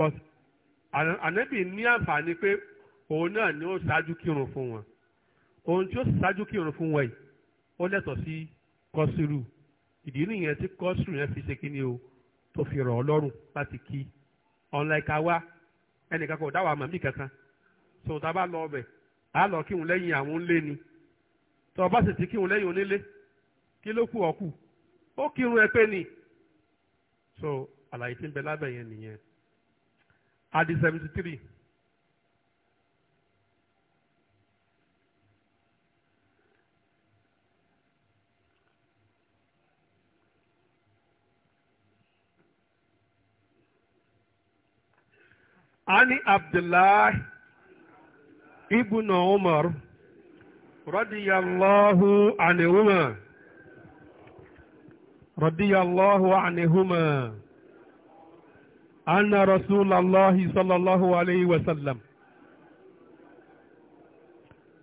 but ànábì ní àǹfààní pé òun náà ni ó ṣáájú kírun fún wọn ohun tí ó ṣáájú kírun fún wọn yìí ó lẹ́tọ̀ọ́ sí kọ́sùrù ìdí nìyẹn tí kọ́sùrù yẹn fi ṣe kí ni o tó fi rọ̀ ọ́ lọ́rùn láti kí unlike àwa ẹnìkan kò dá wa mọ̀ kankan so tá a bá lọ ọbẹ̀ a lọ kírun lẹ́yìn àwọn ńlé ni tó o bá sì ti kírun lẹ́yìn onílé kí ló kù ọ̀kù ó kírun ẹ pé ni so àlàyé tí ń bẹ lábẹ́ yẹn nìyẹn. i dey 73 Ani abdullahi ibu na umaru radi allahu and e أن رسول الله صلى الله عليه وسلم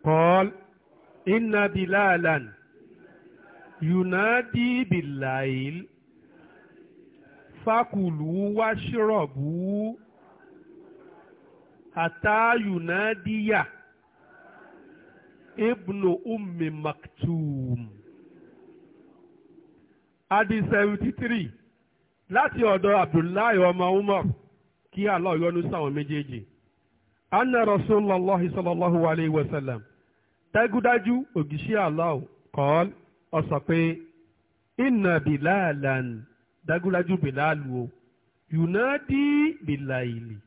قال إن بلالا ينادي بالليل فكلوا واشربوا حتى ينادي ابن أم مكتوم Adi 73 láti ọ̀dọ̀ abdullahi ọmọ umar kí Allah yọ́nú sáwọn méjèèjì anna rasulallah sallallahu alayhi wa sallam tẹ́gúdájú ògìṣẹ́ Allah kọ́ọ́l ọ̀sọ̀ pé inna bilalan dágúdájú bilalu o yunadi bilaili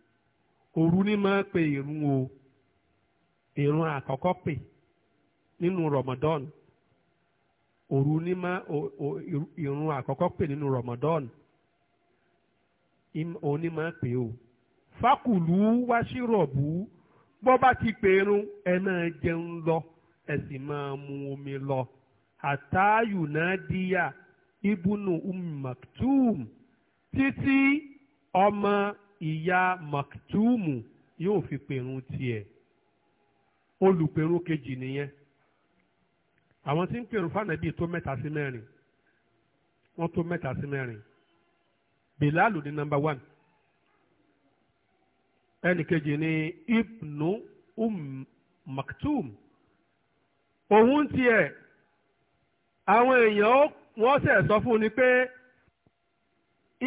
òru ni máa pe ìrun o ìrun àkọ́kọ́ pè nínú ramadan òru ni máa irun àkọ́kọ́ pè nínú ramadan. òun ni máa pè ó fákùlù wáṣírọ̀bù bọ́ bá ti pèrún ẹ máa jẹun lọ ẹ sì máa mu omi lọ àtàyù náà díyà ibùnú ummi maktum títí ọmọ ìyá maktum yóò fi pèrún tiẹ̀ olùpèrún kejì nìyẹn àwọn tí ń pèrún fànàbí tó mẹ́ta sí mẹ́rin wọ́n tó mẹ́ta sí mẹ́rin bilalu ni number one. ẹnì kejì ni ibnu um maktum òun tiẹ̀ àwọn èèyàn wọ́n sẹ̀ sọ fún ni pé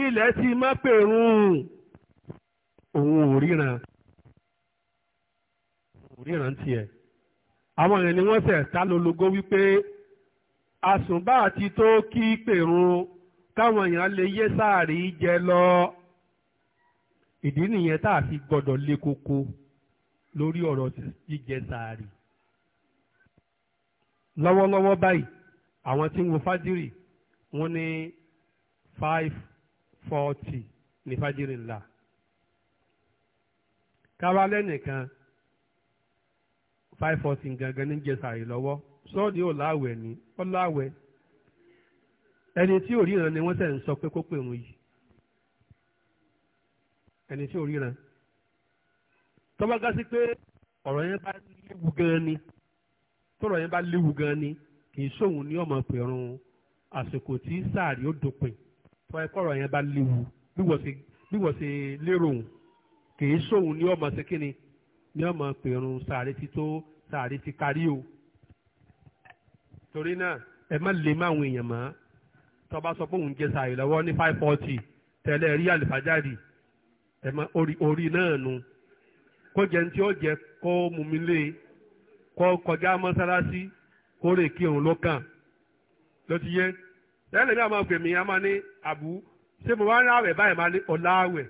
ilẹ̀ ti má pèrún òun ò ríran ò ríran tiẹ̀ àwọn èèyàn ni wọ́n sẹ̀ sá lológo wípé àsùnbà ti tó kí pèrún káwọn èèyàn lè yé sáàrí jẹ lọ ìdí nìyẹn tá a fi gbọ́dọ̀ lé koko lórí ọ̀rọ̀ jíjẹ sáàrí lọ́wọ́lọ́wọ́ báyìí àwọn tí ń wo fájírì wọ́n ní five forty ní fájírì ńlá káwa lẹ́nìkan five forty gangan ní jẹ sáàrí lọ́wọ́ sọ́ọ̀dì ò láwẹ̀ ni ó láwẹ̀ ẹni tí ò ríran ni wọ́n sẹ̀ ń sọ pé kó pè òun yìí ẹni tí ò ríran tọ́ba gá sí pé ọ̀rọ̀ yẹn bá léwu gan ni tọ́rọ̀ yẹn bá léwu gan ni kì í sóhun ní ọmọ pẹ̀rùn àsìkò tí sáàrí ó dópin tọ́ ẹ kọ́rọ̀ yẹn bá léwu bí wọ́n ṣe lérò òun kì í sóhun ní ọmọ ṣe kíni ní ọmọ pẹ̀rùn sáàrí ti tó sáàrí ti kárí o torí náà ẹ má lè má àwọn èèyàn mọ́ tó bá sọ pé òun jẹ sààrì lọ́wọ́ ní five forty tẹ̀lé rí àlìfájárì ẹ̀mọ́ orí orí náà nu kó jẹun tí ó jẹ kó mumi lé e. kó kọjá mọ́sálásí kó rè kí òun ló kàn ló ti yé tẹ́lẹ̀ mi àwọn ọ̀gbẹ̀mí a máa ní àbú ṣé mo wá ń ráwẹ̀ báyìí máa ní ọ̀làwẹ̀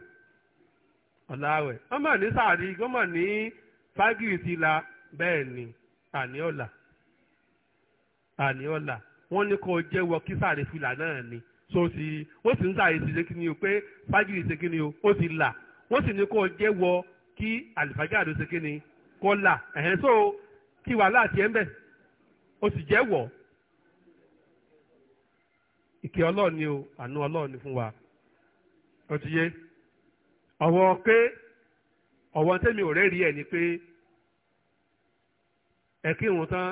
ọ̀làwẹ̀ wọ́n mà ní sàárì wọ́n mà ní fágìrì ti la bẹ́ẹ̀ ni àní ọ̀là wọ́n ní kó jẹ́ wọ kí sáré fìlà náà ni so ti wọ́n sì ń sáré ti ṣe kíni o pé fájìrì ṣe kíni o ó ti là wọ́n sì ní kó jẹ́ wọ kí àlìfájà ló ṣe kíni kó là ẹ̀hẹ́n so kí wàhálà tiẹ̀ ń bẹ̀ ó sì jẹ́ wọ̀ ìkẹ́ ọlọ́run ni o àánú ọlọ́run ni fún wa ó ti yé ọ̀wọ́ pé ọ̀wọ́ tẹ́mi ò rẹ́rìí ẹ̀ ni pé ẹ̀kí ìrùn tán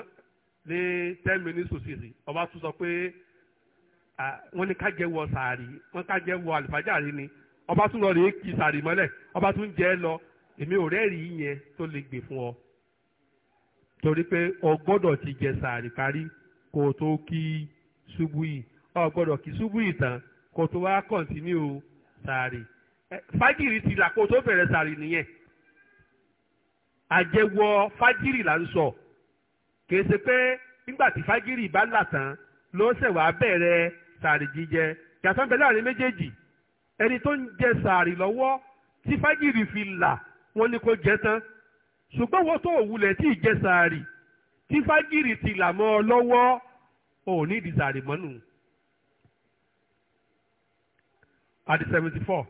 ní ten minutes òsìrì ọba tún sọ pé wọ́n ní ká wọ sàárì ni ọba tún lọ rèé kì sàárì ọ ọba tún jẹ́ lọ èmi ò yẹn tó lè gbè fún ọ torí pé o ti jẹ sàárì parí kó o tó kí ṣubú yìí o kí ṣubú yìí tán kó o tó wá kọ̀ǹtínú sàárì fájìrì ti là kó o tó bẹ̀rẹ̀ sàárì nìyẹn àjẹwọ fájìrì kìí ṣe pé nígbà tí fagiri bá là tán ló ṣẹ̀ wá bẹ̀rẹ̀ sàárì jíjẹ yàtọ̀ bẹ̀rẹ̀ àárín méjèèjì ẹni tó ń jẹ sàárì lọ́wọ́ tí fagiri fi là wọ́n ní kó jẹ tán ṣùgbọ́n wọ́n tó òwúlẹ̀ tí ì jẹ sàárì tí fagiri ti là mọ́ ọ lọ́wọ́ ò ní ìdí sàárì mọ́nù. Adi seventy four.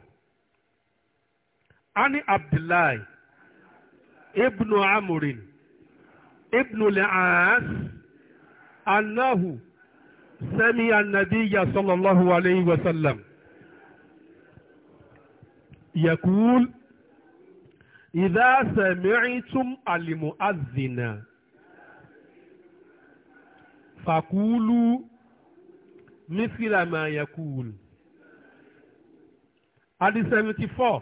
Ani Abdullahi Ibnu Amurin ibn al-aas annahu sami annabiya sallallahu alayhi wa sallam yakul idha sami'tum al-mu'adhdhina fakulu mithla ma yakul adi 74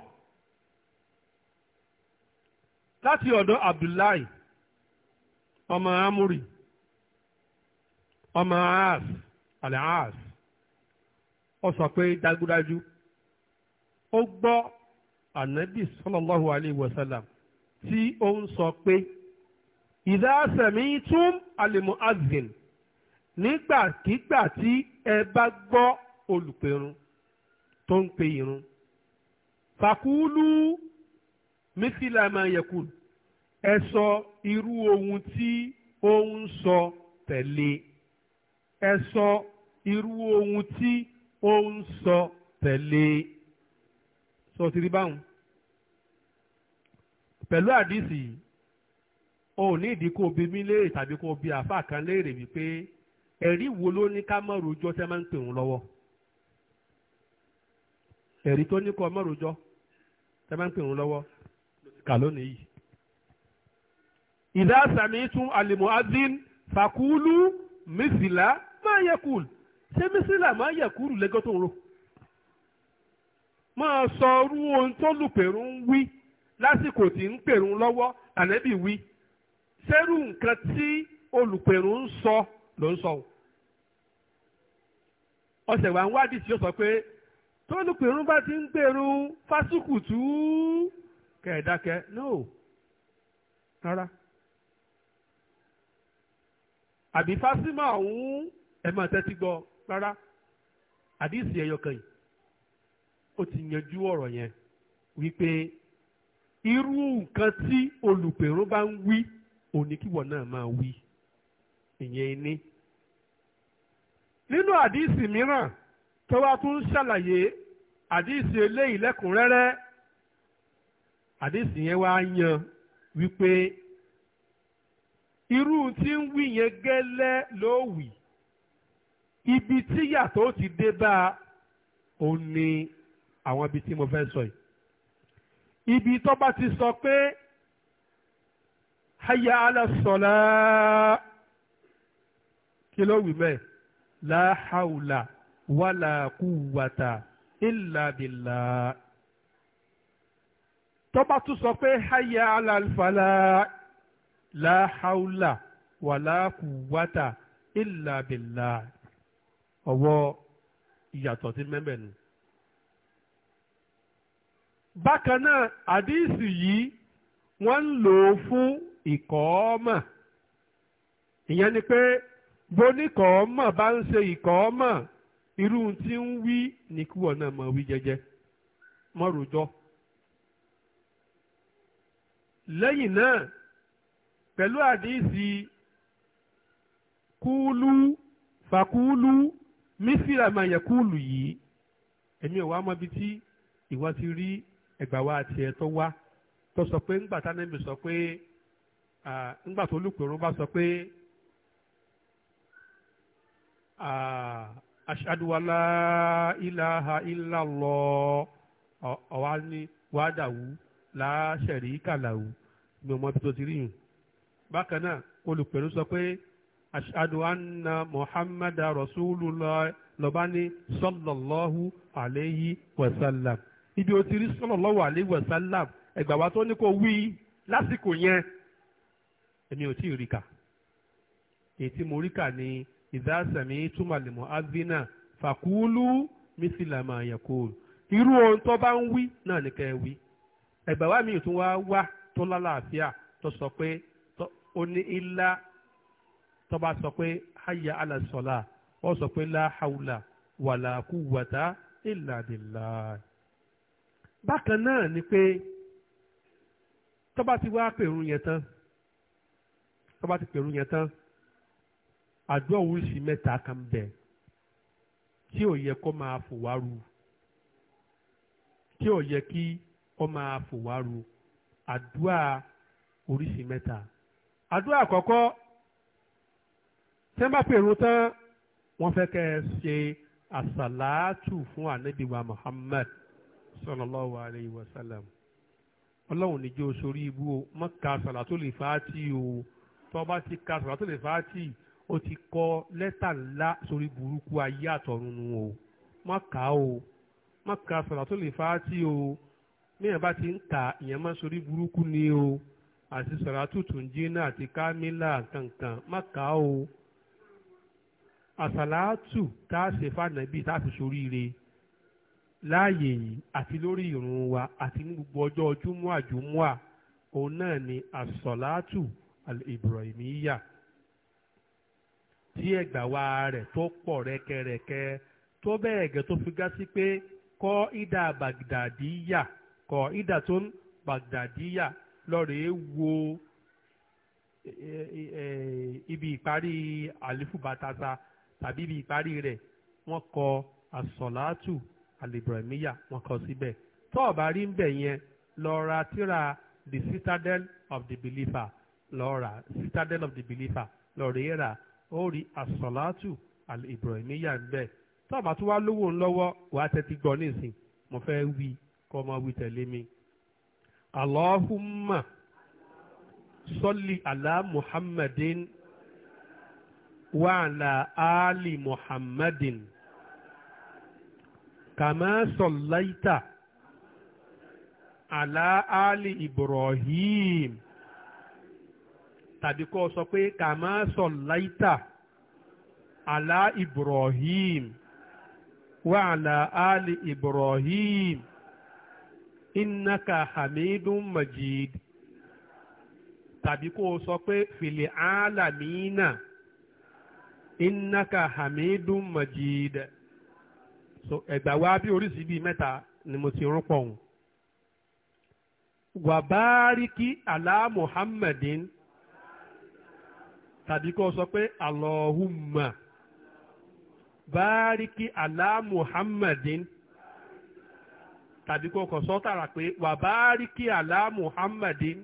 láti ọ̀dọ̀ abdullahi ọmọ amúrì ọmọ aas àlẹ́ aas ó sọ pé dájúdájú ó gbọ́ ànábì sallallahu alayhi wa sallam tí ó ń sọ pé idha sami'tum al-mu'adhdhin nígbàkígbà tí ẹ bá gbọ́ olùpẹ̀rún tó ń pe irun fàkúlù mísìlá máa ẹ sọ irú ohun tí ó ń sọ tẹ̀lé ẹ sọ irú ohun tí ó ń sọ tẹ̀lé sọ ti rí báwọn pẹ̀lú àdìsí o ò ní ìdí kó o bí mí léèrè tàbí kó o bí àáfàá kan léèrè wípé ẹ̀rí wo ló ní ká má rojọ́ tẹ́ máa ń pè wọ́n lọ́wọ́ ẹ̀rí tó ní kọ́ má rojọ́ tẹ́ máa ń pè wọ́n lọ́wọ́ kà lónìí yìí idha sami'tum al-mu'adhdhin faqulu mithla ma yaqul ṣé mithla ma yaqulu lẹ́gọ́ tó ń ro. máa sọ orú ohun tó lùpẹ̀rù ń wí lásìkò tí ń pèrú lọ́wọ́ ànábì wí ṣẹ́rù nǹkan tí olùpẹ̀rù ń sọ ló ń sọ o. ọ̀sẹ̀ wa ń wádìí tí ó sọ pé tólùpẹ̀rù bá ti ń pèrú fásùkùtù kẹ̀ẹ́dákẹ́ no rárá. No àbí fásímà ọ̀hún ẹ̀ máa tẹ́tí gbọ́ rárá àdìsí ẹ̀yọkàn yìí ó ti yanjú ọ̀rọ̀ yẹn wípé irú nǹkan tí olùpèrún bá ń wí oníkíwọ̀ náà máa wí ìyẹn ni. nínú àdìsí mìíràn tó wá tún ṣàlàyé àdìsí eléyìí lẹ́kùnrẹ́rẹ́ àdìsí yẹn wá yan wípé irú tí ń wí yẹn gẹ́lẹ́ ló wì ibi tí yàtọ̀ ti dé bá a ó ní àwọn ibi tí mo fẹ́ sọ yìí ibi tó bá ti sọ pé hayya ala sọlá kí ló wì mẹ́ẹ̀ la hawla wala quwwata illa tó bá tún sọ pé hayya ala alfala la haula wala quwwata illa billah ọwọ́ ìyàtọ̀ tí mẹ́mẹ́ nù. bákan náà àdíìsì yìí wọ́n ń lò ó fún ìkọ́ọ́mà ìyẹn ni pé boníkọ́ọ́mà bá ń ṣe ìkọ́ọ́mà irú tí ń wí ní kí náà máa wí jẹ́jẹ́ mọ́rùjọ́ lẹ́yìn náà pẹ̀lú àdíìsì kúlú fàkúlú mísírà máa yẹ kúlù yìí ẹ̀mí ò wá mọ ibi tí ìwọ ti rí ẹgbà wa ẹ̀ tó wá tó sọ pé ńgbà sọ pé ńgbà tó bá sọ pé aṣáduwalá ilaha illallah ọ̀wá ní wàdàwù bákan náà olùpẹ̀lú sọ pé ashadu anna muhammadu rasulullah lọ́ba ní sọ́lọ́lọ́hu àléyí wàsálàm ibi o ti rí sọ́lọ́lọ́hu àléyí wàsálàm ẹ̀gbà wa tó ní kó wí lásìkò yẹn èmi ò tí ì rí kà èyí tí mo rí kà ní ìdásẹ̀mí túmọ̀lẹ̀mọ́ azina fàkúlù mísìlámà yẹ̀kúlù irú ohun tó bá ń wí náà ní kẹ́ ẹ wí ẹ̀gbà wa mi tún wá wá tó lálàáfíà tó sọ pé ó ní ilá tó bá sọ pé hayya ala sọ̀la ó sọ pé la hawla wala quwwata illa billah. bákan náà ni pé tó bá ti wá pèrún yẹn tán tó bá ti pèrún yẹn tán àdúrà oríṣi mẹ́ta kan bẹ̀ tí ò yẹ kó máa fòwárù tí ò yẹ kí ó máa fòwárù àdúrà oríṣi mẹ́ta àdúrà àkọ́kọ́ tẹ́ bá pèrò tán wọ́n fẹ́ kẹ́ ẹ ṣe àsàlátù fún ànábì wa Muhammad sallallahu alayhi wa sallam ọlọ́run níjó sórí ibú o má ka sàlátù lè fàátì o tó bá ti ka sàlátù lè fàátì o ti kọ lẹ́tà ńlá sórí burúkú ayé àtọ̀run nu o má ka o má ka sàlátù lè fàátì o mí ẹ̀ bá ti ń kà ìyẹn má sórí burúkú ni o àti sọ̀ràtù tùnjínà àti kámílà kankan má kà á o àsàlátù tá ṣe fànàbí tá a láàyè yìí àti lórí ìrun wa àti ní gbogbo ọjọ́ júmọ́ àjùmọ́à òun náà ni àsọ̀látù al-Ibrahimiyya tí ẹ̀gbà wa rẹ̀ tó pọ̀ rẹ́kẹrẹ́kẹ́ tó bẹ́ẹ̀ gẹ́ tó fi gá sí pé kọ́ ìdá Baghdadiyya kọ́ ìdá tó ń Baghdadiyya lọ́rẹ̀ẹ́ wo ibi ìparí àlífù bàtàtà tàbí ibi ìparí rẹ̀ wọ́n kọ àsọ̀látù àlìbùrẹ̀míyà wọ́n kọ síbẹ̀ tó o rí ń bẹ̀ yẹn lọ ra the citadel of the believer lọ citadel of the believer lọ́rẹ̀ẹ́ rà ó rí àsọ̀látù àlìbùrẹ̀míyà ń bẹ̀ tó o bá tún wá lówó ńlọ́wọ́ wàá tẹ́tí gbọ́ nísìn mo fẹ́ wí kọ́ ọmọ wí tẹ̀lé mi. Allahumma salli ala Muhammadin wa ala ali Muhammadin kama sallaita ala ali Ibrahim tàbí kó sọ pé kama sallaita ala Ibrahim wa ala ali Ibrahim innaka hamidun majid tàbí kó o sọ pé fìlì áálàmínà innaka hamidun majid so ẹ̀gbà wa bí oríṣìí bíi mẹ́ta ni mo ti rún pọ̀hùn. wàbáríkì àlá muhammadin tàbí kó o sọ pé allahumma báríkì àlá muhammadin. tàbí kó kàn sọ tààrà pé wàbáríkì àlá muhammadin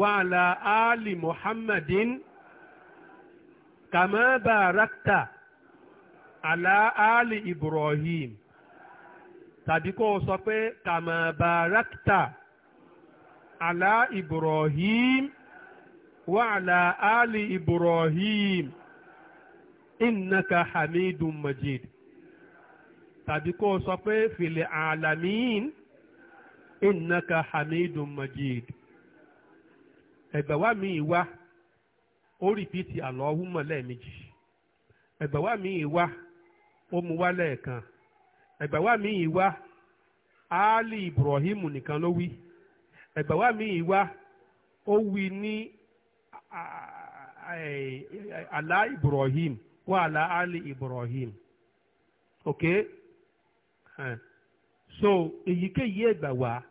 wàhálà áàlì muhammadin kàmá bàrákítà àlá áàlì ibrahim tàbí kó sọ pé kàmá bàrákítà àlá ibrahim wàhálà áàlì ibrahim innaka hamidun majid. tàbí kó sọ pé fìlẹ̀ alamin innaka hamidun majid ẹgbẹ̀wá mi wá ó rìpítì Allahumma lẹ́ẹ̀mejì ẹgbẹ̀wá mi wá ó mu wá lẹ́ẹ̀kan ẹgbẹ̀wá mi wá áálì Ibrahim nìkan ló wí ẹgbẹ̀wá mi wá ó wí ní àlá Ibrahim wà ala Ibrahim okay so èyíkéyìí ẹ̀gbà wá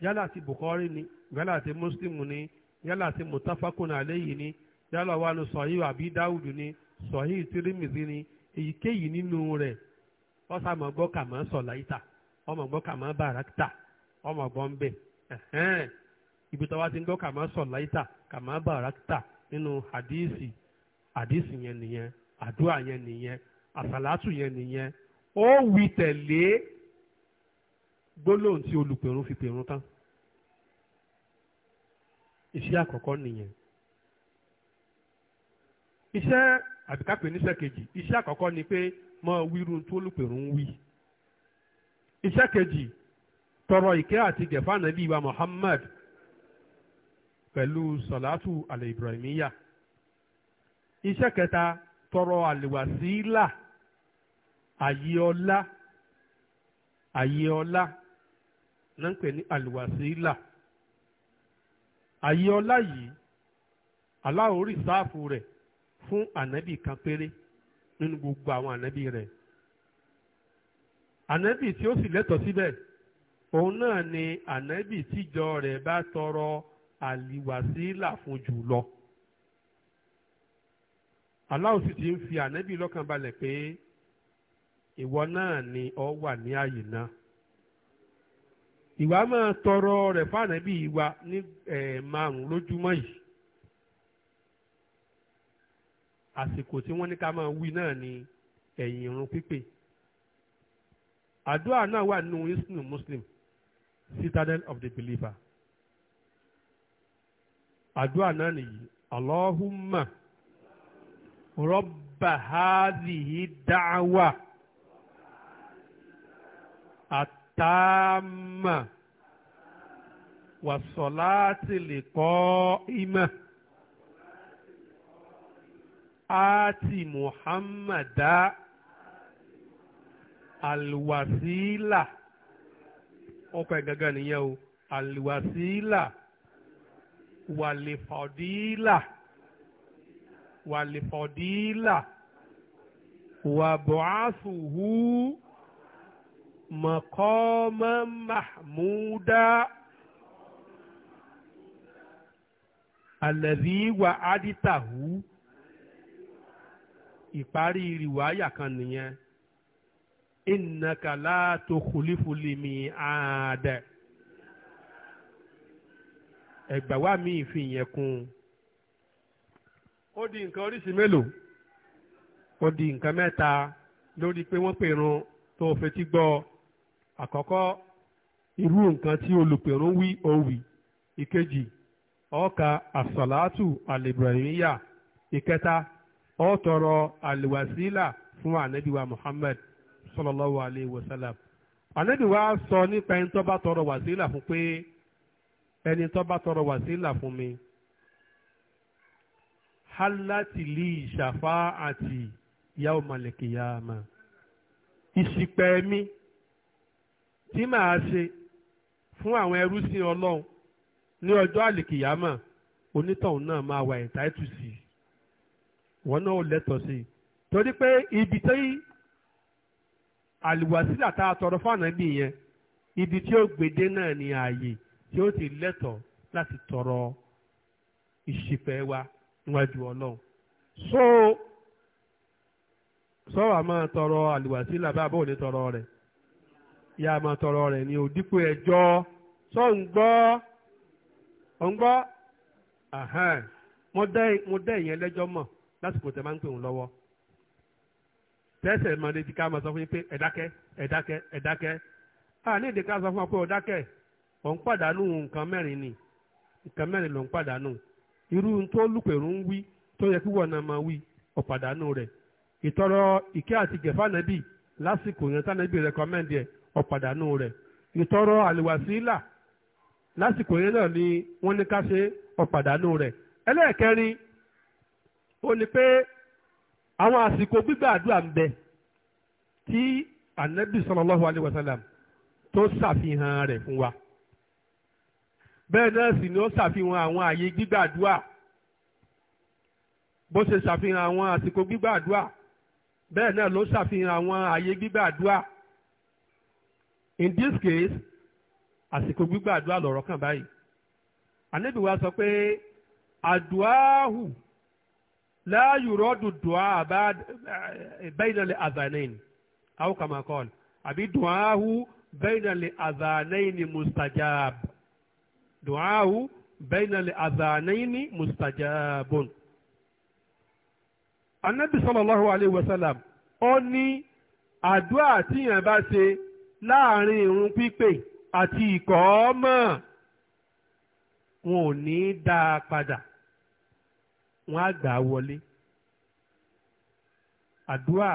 yálà ti Bukhari ni yálà ti Muslim ni yálà ti mutafakun alayhi ni yálà wà ní sọ̀hí àbí Dawud ni sọ̀hí tirimisi ni èyíkéyìí nínú rẹ̀ wọ́n sá gbọ gbọ́ kàmọ́ sọ̀láìta wọ́n mọ̀ gbọ́ kàmọ́ bàràkítà wọ́n mọ̀ gbọ́ ń bẹ̀ ibi tó wá ti ń gbọ́ kàmọ́ sọ̀láìta kàmọ́ bàràkítà nínú hadísì hadísì yẹn nìyẹn àdúrà yẹn nìyẹn àsàlátù yẹn nìyẹn ó wí tẹ̀lé gbólóhùn tí olùpẹ̀rún fi pẹ̀rún tán iṣẹ́ àkọ́kọ́ nìyẹn iṣẹ́ àbíkápẹ́ níṣẹ́ kejì iṣẹ́ àkọ́kọ́ ni pé mọ wíru tó olùpẹ̀rún wí iṣẹ́ kejì tọrọ ìkẹ́ àti gẹ̀fà nàbí wa Muhammad pẹ̀lú sọ̀látù alẹ́ ibrahimiya iṣẹ́ kẹta tọrọ àlèwàsílà. Si àyè ọlá àyè ọlá náà ń pè ní àlùwàsílà àyè ọlá yìí Allah ó rìsáàfù rẹ̀ fún ànábì kan péré nínú gbogbo àwọn ànábì rẹ̀ ànábì tí ó sì lẹ́tọ̀ọ́ síbẹ̀ òun náà ni ànábì tíjọ rẹ̀ bá tọrọ àlìwàsílà fún jù lọ Allah ti ń fi ànábì lọ́kàn balẹ̀ pé. ìwọ náà ni ọ wà ní àyè náà ìwà máa tọrọ rẹ̀ fànàbí ìwà ní márùn lójúmọ́ yìí àsìkò tí wọn ní ká máa wí náà ni ẹ̀yìn irun pípé àdúrà náà wà nínú islam muslim citadel of the believer àdúrà náà nìyí allahumma rọ́bà hádìí التامة والصلاة القائمة آت محمدا الوسيلة ọkọ̀ gangan nìyẹn o àlùwàsílà wàlìfọ̀dílà wàlìfọ̀dílà wàbọ̀ásùhù. مقاما محمودا الذي وعدته ìparí rìwáyà kan nìyẹn innaka la tukhlifu al-mi'ad ẹgbà wa mi fi yẹn kún ó di nǹkan oríṣi mélòó ó di nǹkan mẹ́ta lórí pé wọ́n pèrun tó fetí gbọ́ ọ. àkọ́kọ́ irú nǹkan tí olùpẹ̀rún wí owi ikeji ìkejì ọ̀ọ́ka àsàlátù àlèbìrìyà ìkẹta ọ̀ọ́tọ̀rọ̀ àlèwàsílà fún ànábìwá Muhammad sallallahu alayhi salam sọ nípa ẹni tó bá tọrọ wàsílà fún pé ẹni tó bá tọrọ wàsílà fún mi hálátìlì àti ìṣìpẹ̀ tí màá ṣe fún àwọn ẹrúsìn ọlọ́run ní ọjọ́ àlìkìyámà onítọ̀hún náà máa wà ẹ̀ńtáìtù sí i wọn náà ò lẹ́tọ̀ọ́ sí i torí pé ibi tí àlùwàsílà tá a tọrọ fún ànábì yẹn ibi tí ó gbèdé náà ni ààyè tí ó ti lẹ́tọ̀ọ́ láti tọrọ ìṣìpẹ̀ wa níwájú ọlọ́run so sọ wàá máa tọrọ àlùwàsílà bá a bò ní tọrọ rẹ̀. ìyá àmọ́ tọrọ rẹ̀ ni o ẹjọ́ sọ ń gbọ́ ọ ń gbọ́ mo dá ìyẹn lẹ́jọ́ mọ̀ lásìkò tẹ̀ máa ń pè òun lọ́wọ́ tẹ́sẹ̀ máa lè di ká sọ fún yín pé ẹ̀dákẹ́ ẹ̀dákẹ́ ẹ̀dákẹ́ a ní sọ fún ọ pé ọ̀ ni nǹkan mẹ́rin ló ń pàdánù irú tó lùpẹ̀rù ń wí tó yẹ kí wọ́n máa wí pàdánù rẹ̀ ìkẹ́ àti ọ̀pàdánù rẹ̀ ìtọrọ àlùwàsílà lásìkò yẹn náà ni wọ́n ní ká ṣe ọ̀pàdánù rẹ̀ ẹlẹ́ẹ̀kẹrin ó ní pé àwọn àsìkò gbígbàdúrà ń bẹ tí anabi sallallahu alayhi wa sallam tó ṣàfihàn rẹ̀ fún wa bẹ́ẹ̀ náà sì ni ó ṣàfihàn àwọn àyè gbígbàdúrà bó ṣe ṣàfihàn àwọn àsìkò gbígbàdúrà bẹ́ẹ̀ náà ló ṣàfihàn àwọn àyè gbígbàdúrà in this case àsìkò gbígbàdúrà lọ̀rọ̀ kàn báyìí ànábì wa sọ pé àdùáhù láàyò rọ́dù dùá bẹ́ẹ̀nàlẹ̀ àzànẹ́yìn àwọn I kọ́ọ̀l àbí dùáhù bẹ́ẹ̀nàlẹ̀ àzànẹ́yìn mustajab dùáhù bẹ́ẹ̀nàlẹ̀ àzànẹ́yìn mustajabun. ànábì sallallahu alayhi wa sallam ó ní àdúrà tíyàn bá ṣe láàrin ìrun pípè àti ìkọ́ọ́mọ̀ wọn ò ní í dá a padà wọn á gbà á wọlé àdúrà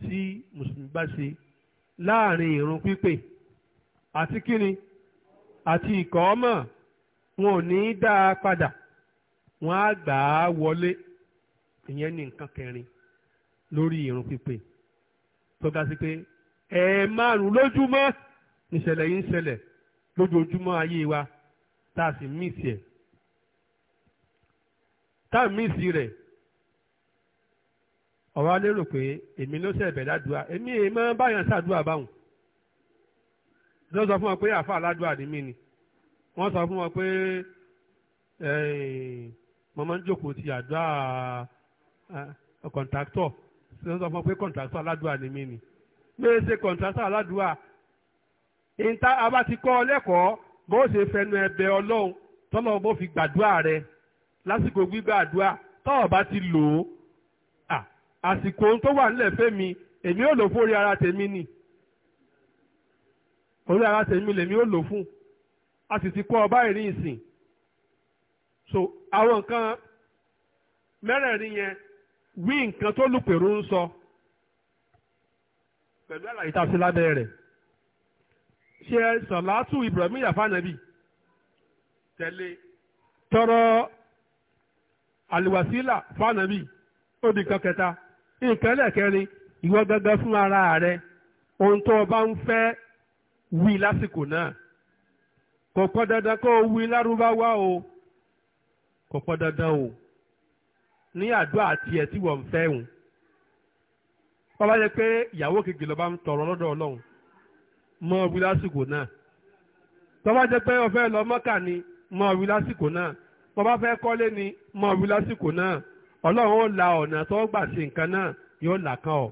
tí mùsùlùmí bá ṣe láàrin ìrun pípè àti kíni àti ìkọ́ọ́mọ̀ wọn ò ní í dá a padà wọn á gbà á wọlé ìyẹn ní nǹkan kẹrin lórí ìrun pípè tó ga sí pé ẹ̀ẹ̀márùn lójúmọ́ níṣẹ̀lẹ̀ yìí ń ṣẹlẹ̀ lójoojúmọ́ ayé wa tá a sì míìsì ẹ̀ tá a míìsì rẹ̀ ọ̀rọ̀ alérò pé èmi ló ṣẹ̀bẹ̀ ládùúà èmi èyí máa ń báyàn ṣàdúrà báwọn wọ́n sọ fún wọn pé àfa aládùúà ni mí ni wọ́n sọ fún wọn pé mo máa ń jókòó ti àdúrà kọ̀ǹtàktọ̀ wọ́n sọ fún wọn pé kọ̀ǹtàktọ̀ aládùúà ni mí ni lóye ṣe kọ̀ǹtàtà aládùúwà ìta abá ti kọ́ ọ lẹ́kọ̀ọ́ bó ṣe fẹnu ẹ̀bẹ̀ ọlọ́run tọ́lọ́ bó fi gbàdúrà rẹ lásìkò gbígbàdúrà tọ́ọ̀ bá ti lò ó àsìkò ohun tó wà nílẹ̀ fẹ́mi èmi ò lò fún orí ara tèmi ni orí ara tèmi lèmi ò lò fún a sì ti kọ́ ọ báyìí ní ìsìn so àwọn nǹkan mẹ́rẹ̀ẹ̀rin yẹn wí nǹkan tó lùpẹ̀rù ń sọ. So pẹ̀lú àlàyé tá a fi lábẹ́ rẹ̀ ṣe sọ̀látù ibrahim yafanabi tẹ̀lé tọrọ àlùwàsílà fanabi ó di nǹkan kẹta nǹkan ẹlẹ́ẹ̀kẹrin ìwọ gángan fún ara rẹ ohun tó o bá ń fẹ́ wí lásìkò náà kò pọn dandan kó o wí lárúbáwá o kò pọn dandan o ní àdúrà tiẹ̀ tí wọ́n ń fẹ́ bàbá yẹ pé ìyàwó kejì lọ́ba ń tọrọ lọ́dọ̀ ọlọ́run mọ wí lásìkò náà bàbá jẹ pé ọfẹ́ lọ mọ́kà ni mọ wí lásìkò náà bàbá fẹ́ kọ́lé ni mọ wí lásìkò náà ọlọ́run ó la ọ̀nà tó gbà sí nǹkan náà yóò là kàn ọ́.